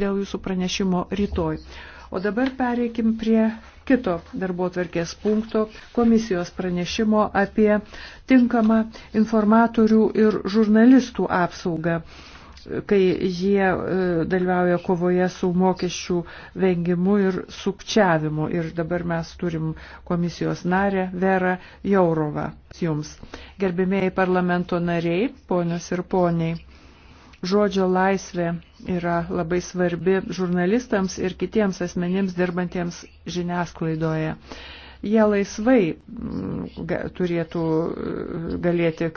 dėl jūsų pranešimo rytoj. O dabar pereikim prie kito darbo tvarkės punkto komisijos pranešimo apie tinkamą informatorių ir žurnalistų apsaugą, kai jie e, dalyvauja kovoje su mokesčių vengimu ir sukčiavimu. Ir dabar mes turim komisijos narę Verą Jaurovą. Jums, gerbimieji parlamento nariai, ponios ir poniai žodžio laisvė yra labai svarbi žurnalistams ir kitiems asmenims dirbantiems žiniasklaidoje. Jie laisvai mm, turėtų e, galėti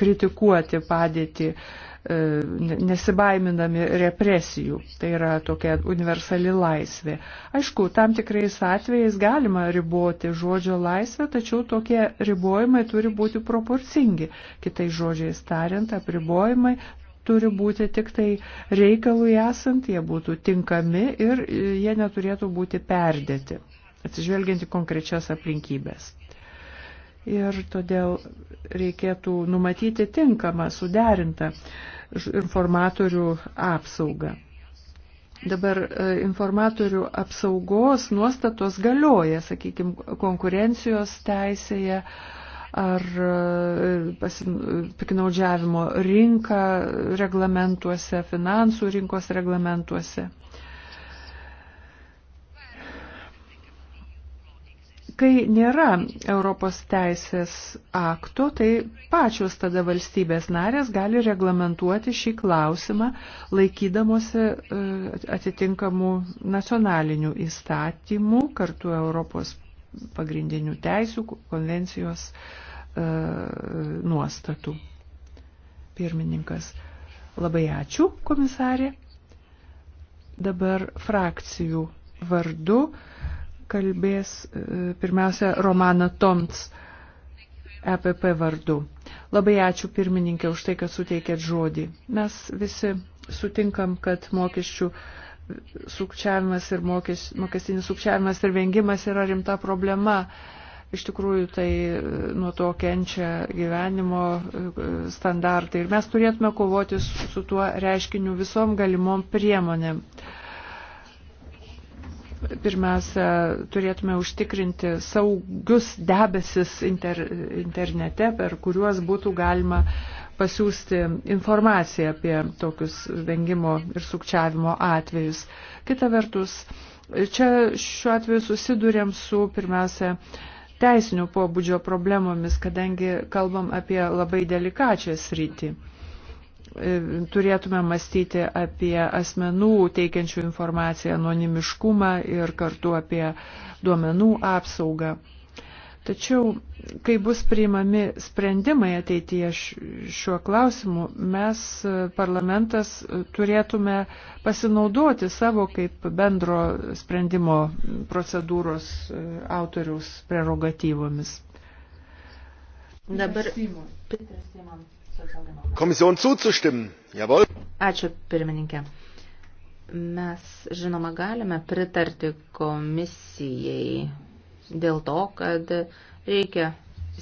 kritikuoti padėtį, e, nesibaimindami represijų. Tai yra tokia universali laisvė. Aišku, tam tikrais atvejais galima riboti žodžio laisvę, tačiau tokie ribojimai turi būti proporcingi. Kitais žodžiais tariant, apribojimai turi būti tik tai reikalui esant, jie būtų tinkami ir jie neturėtų būti perdėti, atsižvelgiant į konkrečias aplinkybės. Ir todėl reikėtų numatyti tinkamą, suderintą informatorių apsaugą. Dabar e, informatorių apsaugos nuostatos galioja, sakykime, konkurencijos teisėje, ar e, piknaudžiavimo rinką reglamentuose, finansų rinkos reglamentuose. Kai nėra Europos teisės akto, tai pačios tada valstybės narės gali reglamentuoti šį klausimą, laikydamosi e, atitinkamų nacionalinių įstatymų kartu Europos pagrindinių teisų konvencijos uh, E, nuostatų. Pirmininkas. Labai ačiū, komisarė. Dabar frakcijų vardu kalbės e, pirmiausia Romana Toms EPP vardu. Labai ačiū pirmininkė už tai, kad suteikėt žodį. Mes visi sutinkam, kad mokesčių sukčiavimas ir mokes, mokestinis sukčiavimas ir vengimas yra rimta problema iš tikrųjų tai e, nuo to kenčia gyvenimo e, standartai. Ir mes turėtume kovoti su, su tuo reiškiniu visom galimom priemonėm. Pirmiausia, turėtume užtikrinti saugius debesis inter, internete, per kuriuos būtų galima pasiūsti informaciją apie tokius vengimo ir sukčiavimo atvejus. Kita vertus, čia šiuo atveju susidurėm su pirmiausia teisinio pobūdžio problemomis, kadangi kalbam apie labai delikačią sritį. E, turėtume mąstyti apie asmenų teikiančių informaciją anonimiškumą ir kartu apie duomenų apsaugą. Tačiau, kai bus priimami sprendimai ateityje šiuo klausimu, mes e, parlamentas e, turėtume pasinaudoti savo kaip bendro sprendimo procedūros e, autoriaus prerogatyvomis. Dabar. Komisijon zuzustimmen. Jawohl. Ačiū, pirmininkė. Mes, žinoma, galime pritarti komisijai dėl to, kad reikia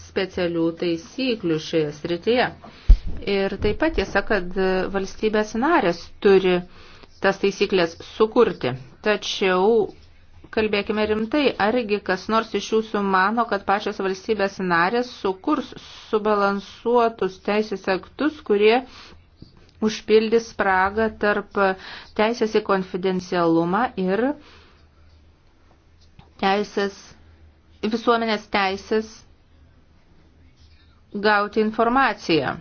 specialių taisyklių šioje srityje. Ir taip pat tiesa, kad valstybės narės turi tas taisyklės sukurti. Tačiau kalbėkime rimtai, argi kas nors iš jūsų mano, kad pačios valstybės narės sukurs subalansuotus teisės aktus, kurie užpildys spragą tarp teisės į konfidencialumą ir teisės visuomenės teisės gauti informaciją.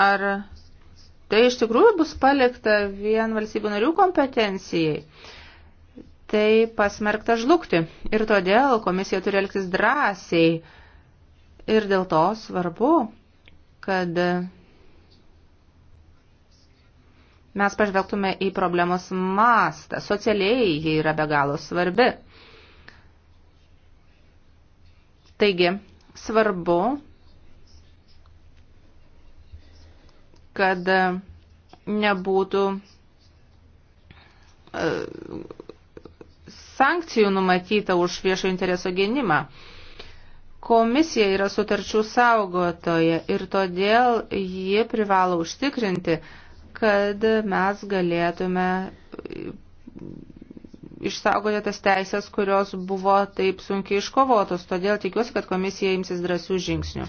Ar tai iš tikrųjų bus palikta vien valstybių narių kompetencijai? Tai pasmerkta žlugti. Ir todėl komisija turi elgtis drąsiai. Ir dėl to svarbu, kad mes pažvelgtume į problemos mastą. Socialiai jie yra be galo svarbi. Taigi, svarbu, kad nebūtų e, sankcijų numatyta už viešo intereso gynimą. Komisija yra sutarčių saugotoje ir todėl ji privalo užtikrinti, kad mes galėtume išsaugoti tas teisės, kurios buvo taip sunkiai iškovotos. Todėl tikiuosi, kad komisija imsis drąsių žingsnių.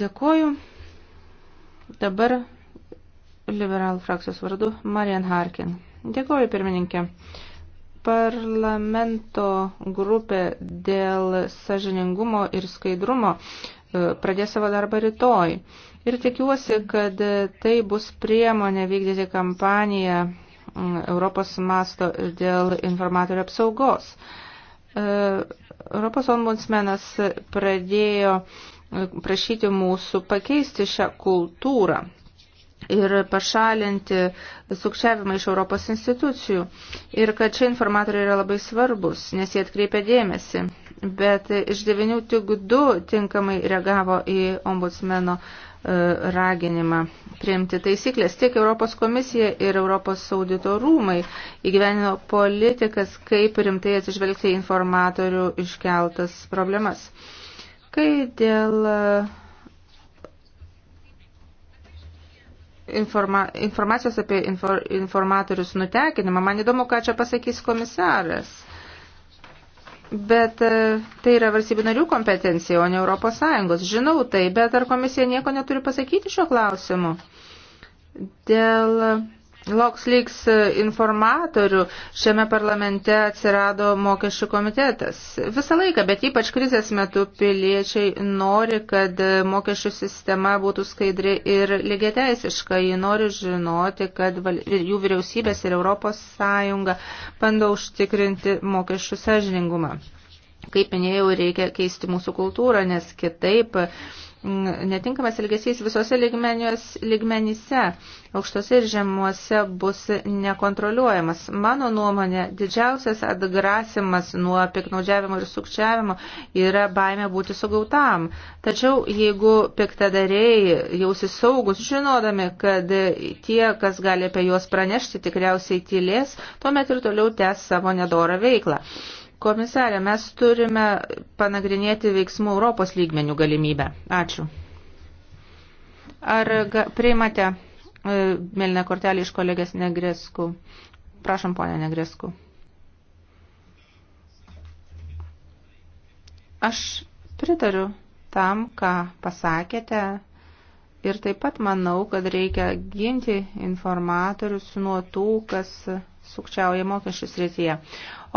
Dėkuoju. Dabar liberalų frakcijos vardu Marian Harkin. Dėkuoju, pirmininkė. Parlamento grupė dėl sažiningumo ir skaidrumo e, pradės savo darbą rytoj. Ir tikiuosi, kad tai bus priemonė vykdyti kampaniją mm, Europos masto dėl informatorių apsaugos. E, Europos ombudsmenas pradėjo e, prašyti mūsų pakeisti šią kultūrą ir pašalinti sukčiavimą iš Europos institucijų. Ir kad čia informatoriai yra labai svarbus, nes jie atkreipia dėmesį bet iš devinių tik du tinkamai reagavo į ombudsmeno e, raginimą priimti taisyklės. Tiek Europos komisija ir Europos audito rūmai įgyvenino politikas, kaip rimtai atsižvelgti informatorių iškeltas problemas. Kai dėl e, informa, informacijos apie infor, informatorius nutekinimą, man įdomu, ką čia pasakys komisaras. Bet e, tai yra valstybių narių kompetencija, o ne Europos Sąjungos. Žinau tai, bet ar komisija nieko neturi pasakyti šiuo klausimu? Dėl LoxLeaks e, informatorių šiame parlamente atsirado mokesčių komitetas. Visą laiką, bet ypač krizės metu piliečiai nori, kad e, mokesčių sistema būtų skaidri ir lygiateisiška. Jie nori žinoti, kad jų vyriausybės ir Europos Sąjunga bando užtikrinti mokesčių sažiningumą. Kaip minėjau, reikia keisti mūsų kultūrą, nes kitaip netinkamas elgesys visose ligmenyse, aukštose ir žemuose bus nekontroliuojamas. Mano nuomonė, didžiausias atgrasimas nuo piknaudžiavimo ir sukčiavimo yra baime būti sugautam. Tačiau jeigu piktadariai jausis saugus, žinodami, kad tie, kas gali apie juos pranešti, tikriausiai tylės, tuomet ir toliau tęs savo nedorą veiklą. Komisarė, mes turime panagrinėti veiksmų Europos lygmenių galimybę. Ačiū. Ar ga, priimate e, mėlyną kortelį iš kolegės Negreskų? Prašom, ponė Negreskų. Aš pritariu tam, ką pasakėte ir taip pat manau, kad reikia ginti informatorius nuo tų, kas sukčiauja mokesčių srityje.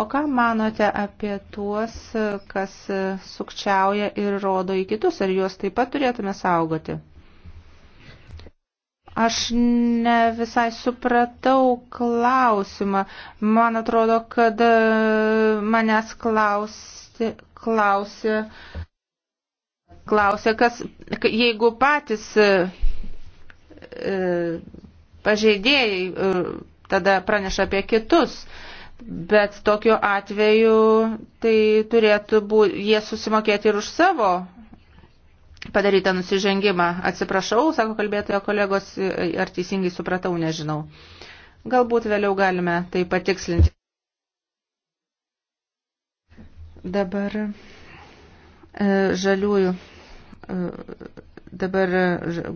O ką manote apie tuos, kas sukčiauja ir rodo į kitus? Ar juos taip pat turėtume saugoti? Aš ne visai supratau klausimą. Man atrodo, kad e, manęs klausti, klausė, klausė, kas, jeigu patys e, e pažeidėjai e, tada praneša apie kitus. Bet tokiu atveju tai turėtų būti, jie susimokėti ir už savo padarytą nusižengimą. Atsiprašau, sako kalbėtojo kolegos, ar teisingai supratau, nežinau. Galbūt vėliau galime tai patikslinti. Dabar e, žaliųjų, e, dabar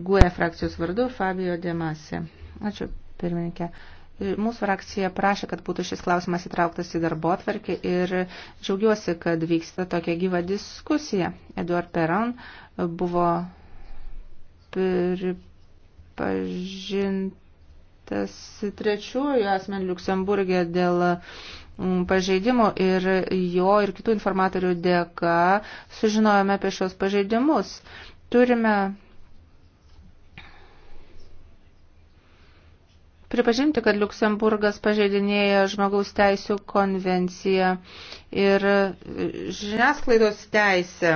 GUE e frakcijos vardu Fabio Demasi. Ačiū, pirmininkė. Mūsų frakcija prašė, kad būtų šis klausimas įtrauktas į darbo atvarkį ir džiaugiuosi, kad vyksta tokia gyva diskusija. Eduard Peron buvo pripažintas trečiųjų asmenų Luksemburgė dėl mm, pažeidimų ir jo ir kitų informatorių dėka sužinojome apie šios pažeidimus. Turime pripažinti, kad Luksemburgas pažeidinėja žmogaus teisų konvenciją ir žiniasklaidos teisę.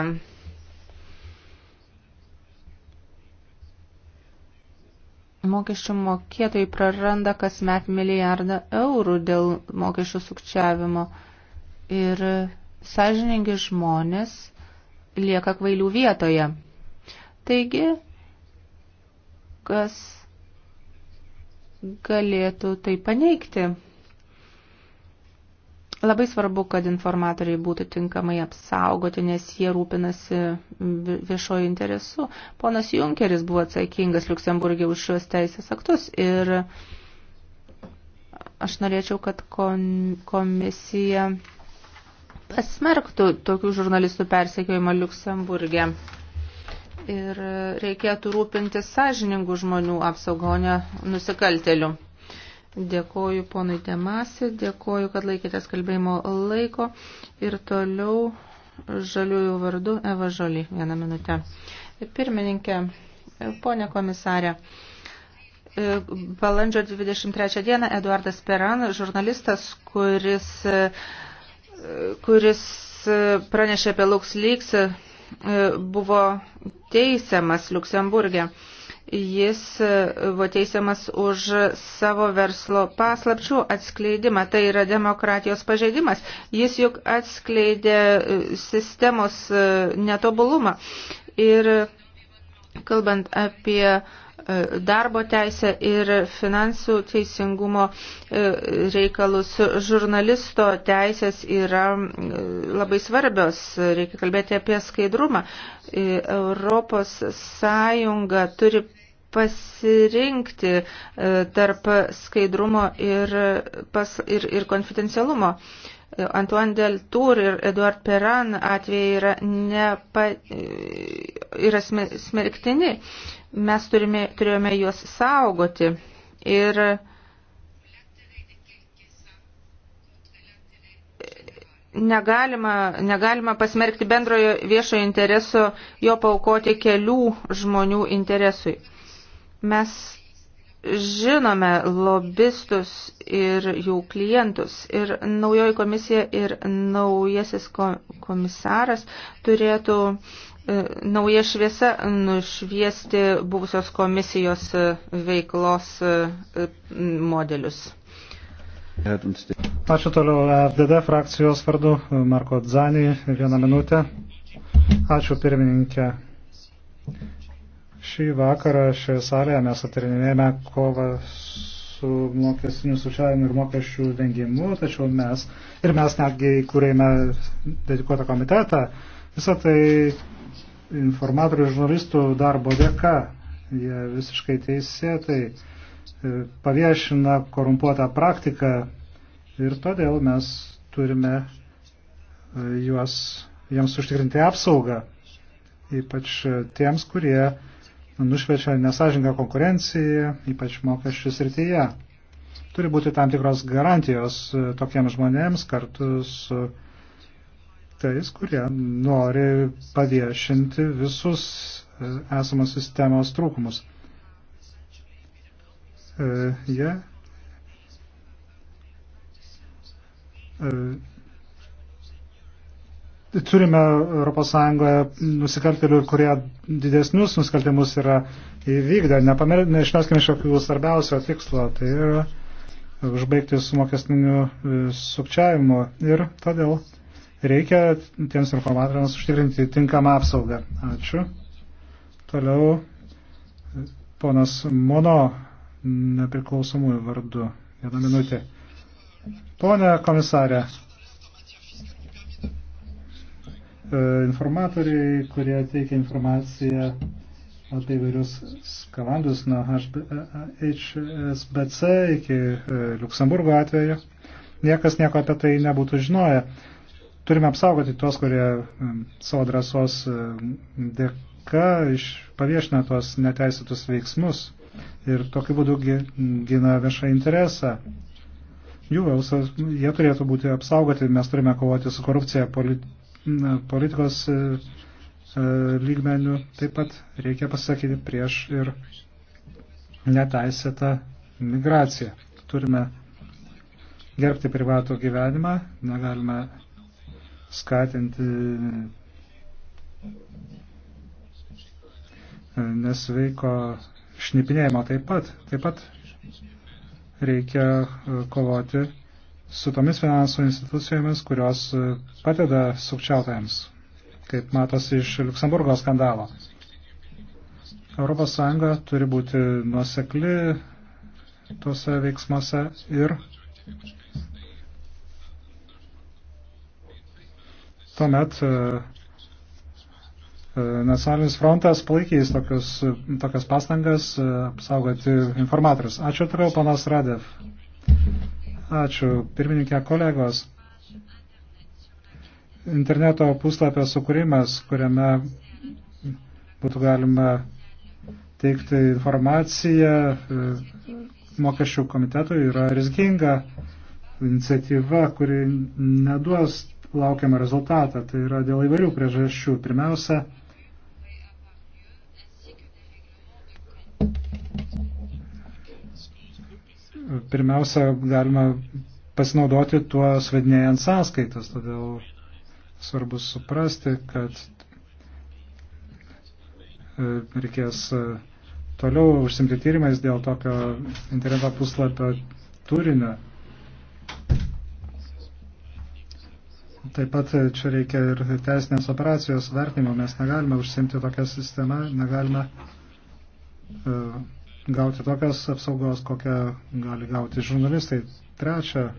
Mokesčių mokėtojai praranda kasmet milijardą eurų dėl mokesčių sukčiavimo ir sąžiningi žmonės lieka kvailių vietoje. Taigi, kas galėtų tai paneigti. Labai svarbu, kad informatoriai būtų tinkamai apsaugoti, nes jie rūpinasi viešojo interesu. Ponas Junkeris buvo atsakingas Luksemburgė už šios teisės aktus ir aš norėčiau, kad komisija pasmerktų tokių žurnalistų persekiojimą Luksemburgė ir reikėtų rūpintis sąžiningų žmonių apsaugonę nusikaltelių. Dėkoju ponui Demasi, dėkoju, kad laikėtės kalbėjimo laiko ir toliau žaliųjų vardu Eva Žoli. Vieną minutę. Pirmininkė, ponė komisarė. Balandžio 23 dieną Eduardas Peran, žurnalistas, kuris, kuris pranešė apie LuxLeaks E, buvo teisiamas Luksemburgė. Jis e, buvo teisiamas už savo verslo paslapčių atskleidimą. Tai yra demokratijos pažeidimas. Jis juk atskleidė e, sistemos netobulumą. Ir kalbant apie uh, E, darbo teisę ir finansų teisingumo e, reikalus. Žurnalisto teisės yra e, labai svarbios, reikia kalbėti apie skaidrumą. Europos Sąjunga turi pasirinkti tarp skaidrumo ir, pas, ir, ir konfidencialumo. Antoine Deltour ir Eduard Peran atvejai yra, nepa, yra smerktini. Mes turime, turėjome juos saugoti. Ir negalima, negalima pasmerkti bendrojo viešojo intereso jo paukoti kelių žmonių interesui. Mes žinome lobistus ir jų klientus. Ir naujoji komisija ir naujasis komisaras turėtų e, nauja šviesa nušviesti buvusios komisijos e, veiklos e, modelius. Ačiū toliau FDD frakcijos vardu Marko Dzanį. Vieną minutę. Ačiū pirmininkė. Šį vakarą šioje salėje mes atarinėjame kovą su mokestiniu sučiavimu ir mokesčių vengimu, tačiau mes ir mes netgi įkūrėme dedikuotą komitetą. Visą tai informatorių ir žurnalistų darbo dėka. Jie visiškai teisėtai e, paviešina korumpuotą praktiką ir todėl mes turime e, juos, jiems užtikrinti apsaugą, ypač tiems, kurie nušvečia nesažinga konkurencija, ypač mokesčių srityje. Turi būti tam tikros garantijos e, tokiems žmonėms kartu su tais, kurie nori paviešinti visus e, esamos sistemos trūkumus. E, jie yeah turime ES nusikaltelių, kurie didesnius nusikaltimus yra įvykdę. Neišmeskime iš akių svarbiausio tikslo, tai yra užbaigti su mokestiniu e, sukčiavimu ir todėl reikia tiems informatoriams užtikrinti tinkamą apsaugą. Ačiū. Toliau e, ponas Mono nepriklausomųjų vardu. Vieną minutę. Pone komisarė, E, informatoriai, kurie teikia informaciją apie įvairius sklandus nuo HSBC iki e, Luksemburgo atveju. Niekas nieko apie tai nebūtų žinoję. Turime apsaugoti tuos, kurie savo drąsos e, dėka paviešina tuos neteisėtus veiksmus ir tokiu būdu gina viešą interesą. Jų, jie turėtų būti apsaugoti, mes turime kovoti su korupcija politi politikos e, e, lygmenių taip pat reikia pasakyti prieš ir neteisėtą migraciją. Turime gerbti privato gyvenimą, negalime skatinti e, nesveiko šnipinėjimo taip pat. Taip pat reikia kovoti su tomis finansų institucijomis, kurios e, padeda sukčiautojams, kaip matosi iš Luksemburgo skandalo. ES turi būti nuosekli tuose veiksmuose ir tuomet e, e, Nacionalinis frontas palaikys tokius, tokias pastangas apsaugoti informatorius. Ačiū toliau, panas Radev. Ačiū. Pirmininkė kolegos. Interneto puslapio sukūrimas, kuriame būtų galima teikti informaciją e, mokesčių komitetui, yra rizginga iniciatyva, kuri neduos laukiamą rezultatą. Tai yra dėl įvairių priežasčių. Pirmiausia, pirmiausia, galima pasinaudoti tuo svedinėjant sąskaitas, todėl svarbu suprasti, kad e, reikės e, toliau užsimti tyrimais dėl tokio interneto puslapio turinio. Taip pat e, čia reikia ir teisinės operacijos vertinimo. Mes negalime užsimti tokią sistemą, negalime uh, gauti tokias apsaugos, kokią gali gauti žurnalistai. Trečia,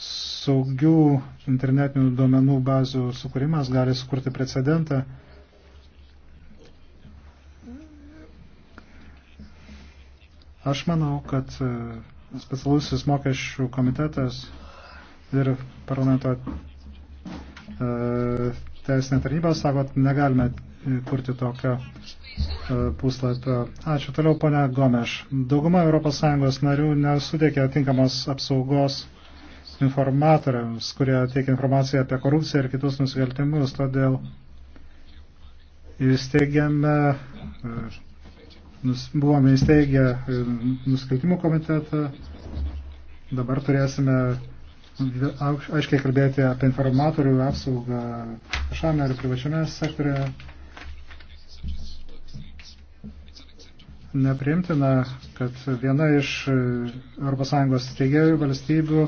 saugių internetinių duomenų bazių sukūrimas gali sukurti precedentą. Aš manau, kad e, specialusis mokesčių komitetas ir parlamento e, teisinė taryba sako, negalime kurti tokio e, puslapio. Ačiū toliau, ponia Gomeš. Dauguma ES narių nesuteikia tinkamos apsaugos informatoriams, kurie teikia informaciją apie korupciją ir kitus nusikaltimus. Todėl įsteigėme, e, buvome įsteigę e, nusikaltimų komitetą. Dabar turėsime aiškiai kalbėti apie informatorių apsaugą viešame ir privačiame sektorėje. neprimtina, kad viena iš e, ES steigėjų valstybių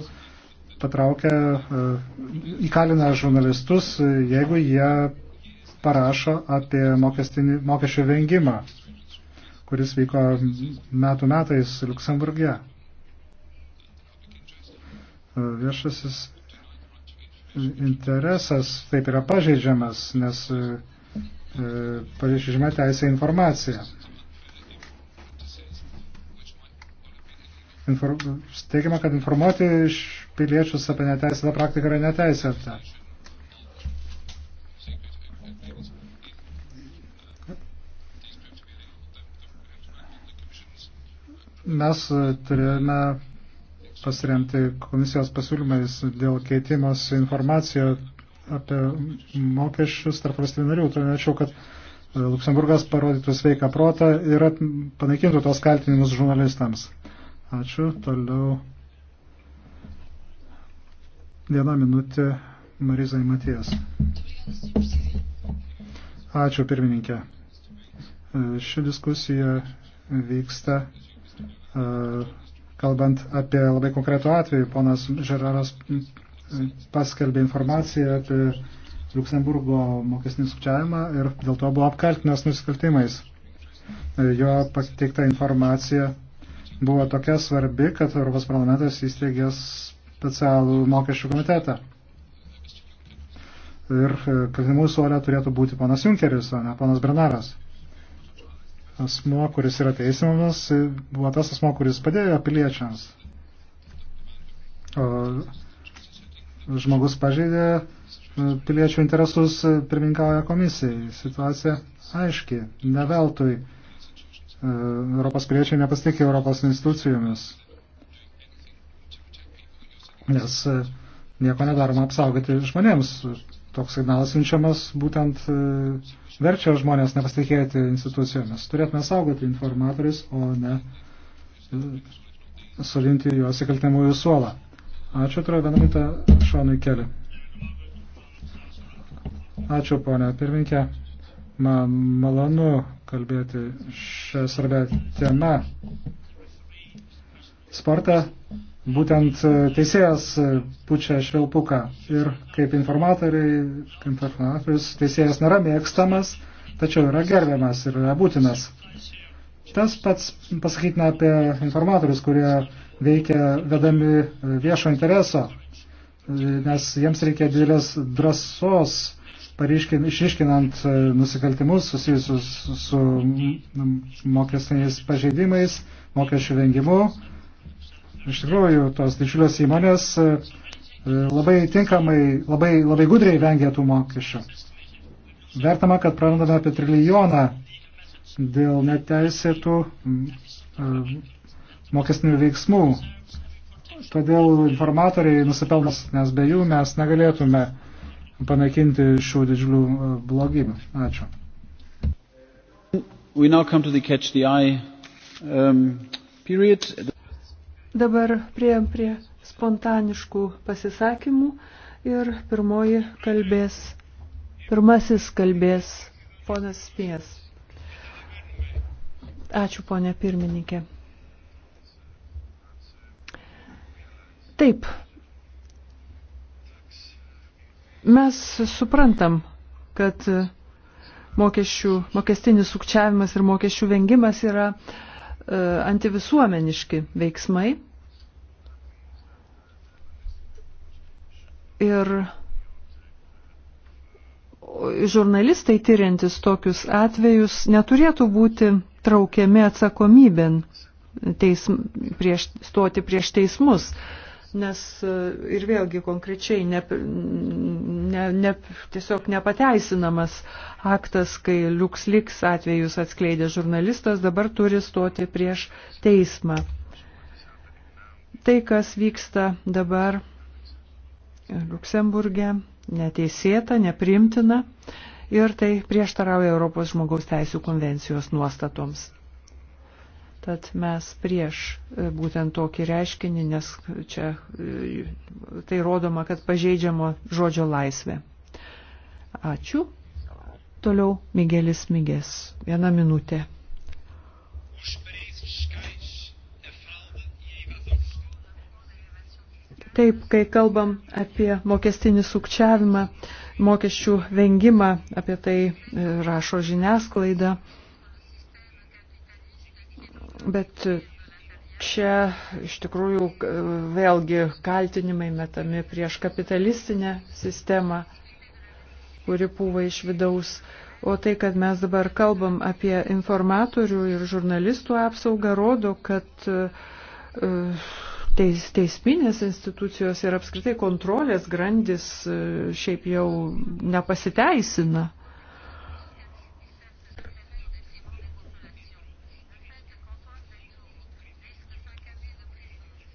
patraukia, e, įkalina žurnalistus, e, jeigu jie parašo apie mokesčių vengimą, kuris vyko metų metais Luksemburgė. Viešasis interesas taip yra pažeidžiamas, nes pažeidžiama teisė informacija. Infor, teigiama, kad informuoti iš piliečius apie neteisėtą praktiką yra neteisėta. Mes turėjome pasiremti komisijos pasiūlymais dėl keitimos informaciją apie mokesčius tarp valstybių narių. Turėčiau, kad e, Luksemburgas parodytų sveiką protą ir panaikintų tos kaltinimus žurnalistams. Ačiū. Toliau viena minutė Marizai Matijas. Ačiū pirmininkė. E, ši diskusija vyksta e, kalbant apie labai konkretų atvejį. Ponas Žeraras paskelbė informaciją apie Luksemburgo mokesnį sukčiavimą ir dėl to buvo apkaltinęs nusikaltimais. E, jo pateikta informacija buvo tokia svarbi, kad Europos parlamentas įsteigė specialų mokesčių komitetą. Ir e, kaltinimų suolė turėtų būti panas Junkeris, o ne panas Bernaras. Asmo, kuris yra teisimamas, e, buvo tas asmo, kuris padėjo piliečiams. O žmogus pažeidė e, piliečių interesus pirmininkauja komisijai. Situacija aiški, neveltui E, Europos piliečiai nepasitikė Europos institucijomis, nes e, nieko nedaroma apsaugoti žmonėms. Toks signalas siunčiamas būtent e, verčia žmonės nepasitikėti institucijomis. Turėtume saugoti informatorius, o ne sulinti juos į kaltinamųjų suolą. Ačiū, turiu vieną minutę Šonui Keliu. Ačiū, ponė pirminkė. Man malonu kalbėti šią svarbę temą. Sportą būtent teisėjas pučia švilpuką ir kaip informatoriai, kaip informatorius, teisėjas nėra mėgstamas, tačiau yra gerbiamas ir yra būtinas. Tas pats pasakytina apie informatorius, kurie veikia vedami viešo intereso, nes jiems reikia didelės drąsos išriškinant e, nusikaltimus susijusius su mokestiniais pažeidimais, mokesčių vengimu. Iš tikrųjų, tos didžiulės įmonės e, labai tinkamai, labai, labai gudriai vengia tų mokesčių. Vertama, kad prarandame apie trilijoną dėl neteisėtų e, mokestinių veiksmų. Todėl informatoriai nusipelnas, nes be jų mes negalėtume uh, panaikinti šių didžiulių e, blogybių. Ačiū. We now come to the catch the eye um, period. Dabar prieėm prie spontaniškų pasisakymų ir pirmoji kalbės, pirmasis kalbės ponas Spies. Ačiū, ponė pirmininkė. Taip, Mes suprantam, kad mokesčių, mokestinis sukčiavimas ir mokesčių vengimas yra e, antivisuomeniški veiksmai. Ir žurnalistai tyriantis tokius atvejus neturėtų būti traukiami atsakomybėn teism, prieš, stoti prieš teismus, nes e, ir vėlgi konkrečiai ne, ne, ne, tiesiog nepateisinamas aktas, kai liuksliks atvejus atskleidė žurnalistas, dabar turi stoti prieš teismą. Tai, kas vyksta dabar Luksemburgė, neteisėta, neprimtina ir tai prieštarauja Europos žmogaus teisų konvencijos nuostatoms. Tad mes prieš e, būtent tokį reiškinį, nes čia e, tai rodoma, kad pažeidžiamo žodžio laisvė. Ačiū. Toliau Migelis Migės. Viena minutė. Taip, kai kalbam apie mokestinį sukčiavimą, mokesčių vengimą, apie tai e, rašo žiniasklaida. Bet čia iš tikrųjų e, vėlgi kaltinimai metami prieš kapitalistinę sistemą, kuri puva iš vidaus. O tai, kad mes dabar kalbam apie informatorių ir žurnalistų apsaugą, rodo, kad e, e, teis, teisminės institucijos ir apskritai kontrolės grandis šiaip jau nepasiteisina.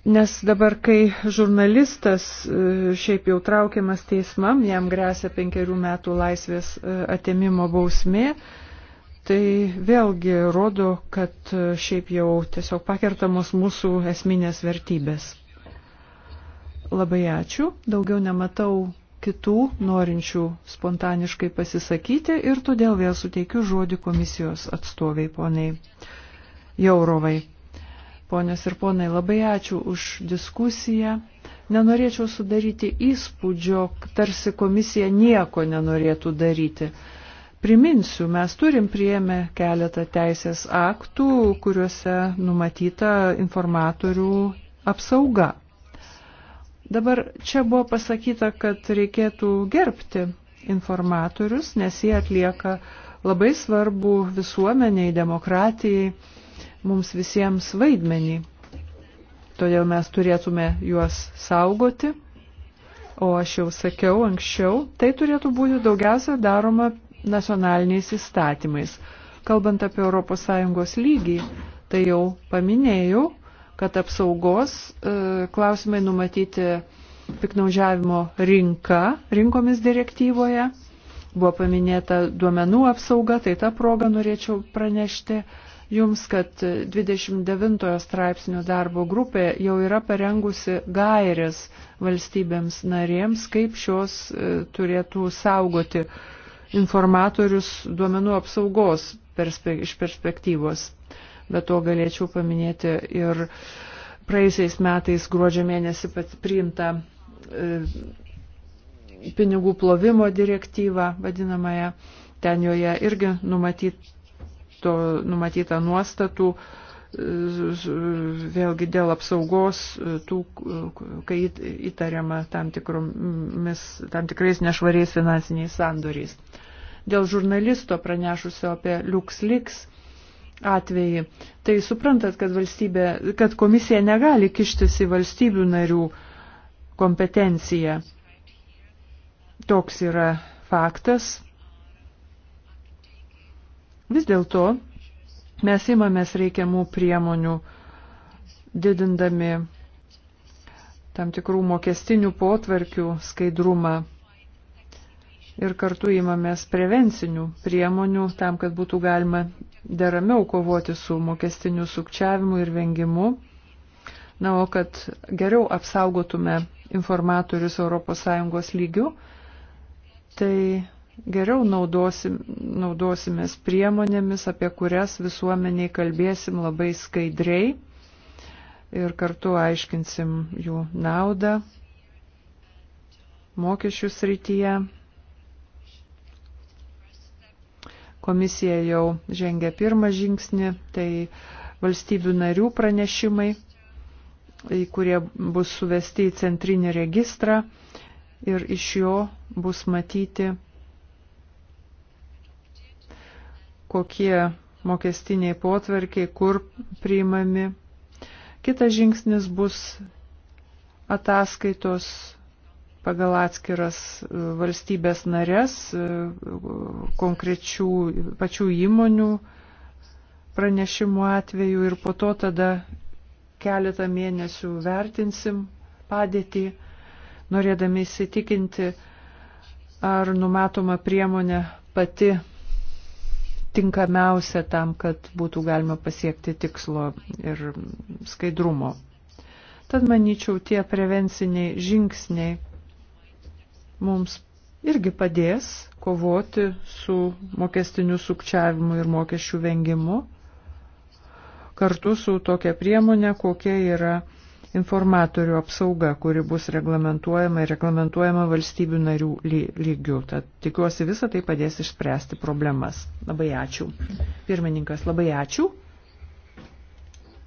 Nes dabar, kai žurnalistas e, šiaip jau traukiamas teismam, jam grėsia penkerių metų laisvės e, atėmimo bausmė, tai vėlgi rodo, kad e, šiaip jau tiesiog pakertamos mūsų esminės vertybės. Labai ačiū, daugiau nematau kitų norinčių spontaniškai pasisakyti ir todėl vėl suteikiu žodį komisijos atstoviai poniai Jaurovai. Ponios ir ponai, labai ačiū už diskusiją. Nenorėčiau sudaryti įspūdžio, tarsi komisija nieko nenorėtų daryti. Priminsiu, mes turim prieėmę keletą teisės aktų, kuriuose numatyta informatorių apsauga. Dabar čia buvo pasakyta, kad reikėtų gerbti informatorius, nes jie atlieka labai svarbu visuomeniai, demokratijai mums visiems vaidmenį. Todėl mes turėtume juos saugoti. O aš jau sakiau anksčiau, tai turėtų būti daugiausia daroma nacionaliniais įstatymais. Kalbant apie ES lygį, tai jau paminėjau, kad apsaugos e, klausimai numatyti piknaudžiavimo rinka, rinkomis direktyvoje. Buvo paminėta duomenų apsauga, tai tą progą norėčiau pranešti. E, Jums, kad 29 straipsnio darbo grupė jau yra parengusi gairės valstybėms narėms, kaip šios e, turėtų saugoti informatorius duomenų apsaugos perspe, iš perspektyvos. Bet to galėčiau paminėti ir praeisiais metais gruodžio mėnesį priimtą e, pinigų plovimo direktyvą vadinamąją. Ten joje irgi numatyti to numatyta nuostatų, e, vėlgi dėl apsaugos e, tų, e, kai įtariama tam, tikromis, tam tikrais nešvariais finansiniais sandoriais. Dėl žurnalisto pranešusio apie LuxLeaks atvejį, tai suprantat, kad, valstybė, kad komisija negali kištis į valstybių narių kompetenciją. Toks yra faktas, Vis dėlto mes imamės reikiamų priemonių, didindami tam tikrų mokestinių potvarkių skaidrumą ir kartu imamės prevencinių priemonių tam, kad būtų galima deramiau kovoti su mokestiniu sukčiavimu ir vengimu. Na, o kad geriau apsaugotume informatorius ES lygių, tai geriau naudosim, naudosimės priemonėmis, apie kurias visuomeniai kalbėsim labai skaidriai ir kartu aiškinsim jų naudą mokesčių srityje. Komisija jau žengia pirmą žingsnį, tai valstybių narių pranešimai, kurie bus suvesti į centrinį registrą ir iš jo bus matyti kokie mokestiniai potvarkiai, kur priimami. Kitas žingsnis bus ataskaitos pagal atskiras e, valstybės narės, e, konkrečių pačių įmonių pranešimų atveju ir po to tada keletą mėnesių vertinsim padėtį, norėdami įsitikinti, ar numatoma priemonė pati tinkamiausia tam, kad būtų galima pasiekti tikslo ir skaidrumo. Tad manyčiau, tie prevenciniai žingsniai mums irgi padės kovoti su mokestiniu sukčiavimu ir mokesčių vengimu kartu su tokia priemonė, kokia yra informatorių apsauga, kuri bus reglamentuojama ir reglamentuojama valstybių narių lygių. Tad tikiuosi visą tai padės išspręsti problemas. Labai ačiū. Pirmininkas, labai ačiū.